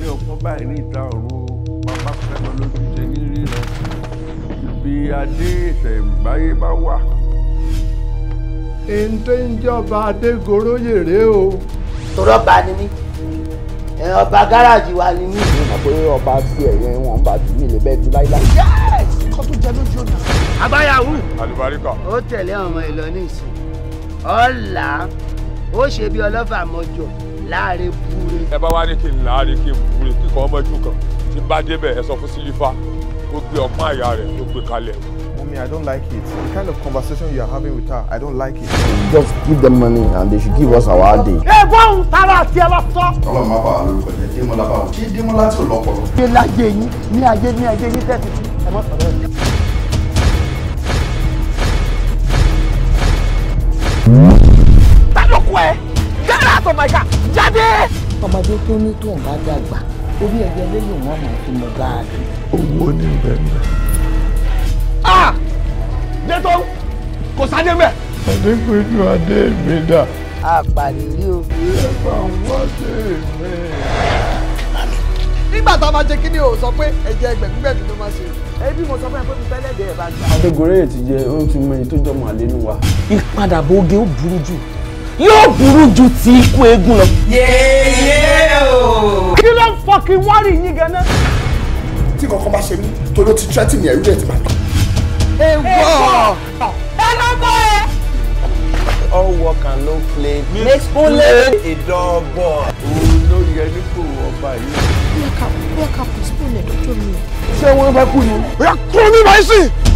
ní ọkọ báyìí ní ìta ọ̀run bàbá fẹ́mọ lójúṣe ní ríran ibi adé ìṣẹ̀ǹbáyé bá wà. ẹni tó ń jọba adégoro yèrè o. tọrọ bá ní mí ọba gáràjì wa ni mí. mo mọ̀ pé ọba tí ẹ̀yẹ wọn ń bá ti mí lè bẹ́ẹ̀ tú láíláí. yẹ́ẹ̀sì kó tó jẹ lójú ọ̀nà. àgbáyàwó. àlùbáríkà. ó tẹ̀lé ọmọ ìlọ ní ọ̀la ó ṣe bí ọlọ́fà mọ́jọ́ láàrin búre. ẹ bá wá ní kí n láàrin kí n búre kíkọ́ ọmọ ojú kan tí bá débẹ̀ ẹ sọ fún sílífà ó gbé ọpọ́n àyà rẹ̀ ló gbé kalẹ̀. Mummy, I don't like it. The kind of conversation you are having with her, I don't like it. Just give them money and they should give us our day. Ẹ gbọ́n tara àti ẹ lọ sọ. Ọlọ́run máa bá àlọ́ ìkọ̀jẹ́ Démọ́lá bá wọn. Ṣé Démọ́lá tí ò lọ́pọ̀lọ́? Ṣé láyé yín ní ayé ní ayé yín tẹ̀sí ẹ mọ̀ sọ̀rọ̀ ẹ̀. Ta ló kú ẹ? Gáràtọ̀ máa ṣá jáde. ọmọdé tó ní tó ń bá dàgbà orí ẹgbẹ́ lẹ́yìn wọn máa fi mọ gáàdì. owó ní ìbẹ̀ ń bẹ̀. a dẹ́tọ́ kò sáde mẹ́. àdínkù inú adé mi dà. àpàlẹ́ òbí ẹ̀ bá ń wá dé mi. nígbà tá a máa jẹ kí ni o sọ pé ẹ̀jẹ̀ ẹgbẹ̀gbẹ̀gbẹ̀ ló máa ṣe ẹbí mo sọ fún ẹ pé mi fẹ́ lẹ́dẹ̀ẹ́ bá gbà. adégoróyè ti jẹ ó ti mọ èyí tó jọmọ àlénú wa. ìpadàbọ̀ oge ó burú jù yóò burú ju ti ikú eégún lọ. yéèyé o. Oh. kí ló ń fọkì wárì yín ganan. tí kankan bá ṣe mí torí ó ti tírẹ́tìmì ẹ̀rú rẹ̀ ti máa tán. ewọ ẹ lọ bọ ẹ. all work and no play makes Kunle a dull boy. òun ló yẹ nípò ọba yìí. bí ẹ̀ka bí ẹ̀ka kò sí kò lẹ̀ dọ́jọ́ mi. ṣé wọ́n fẹ́ kú ni. ó yá kúrò ní báyìí sí i.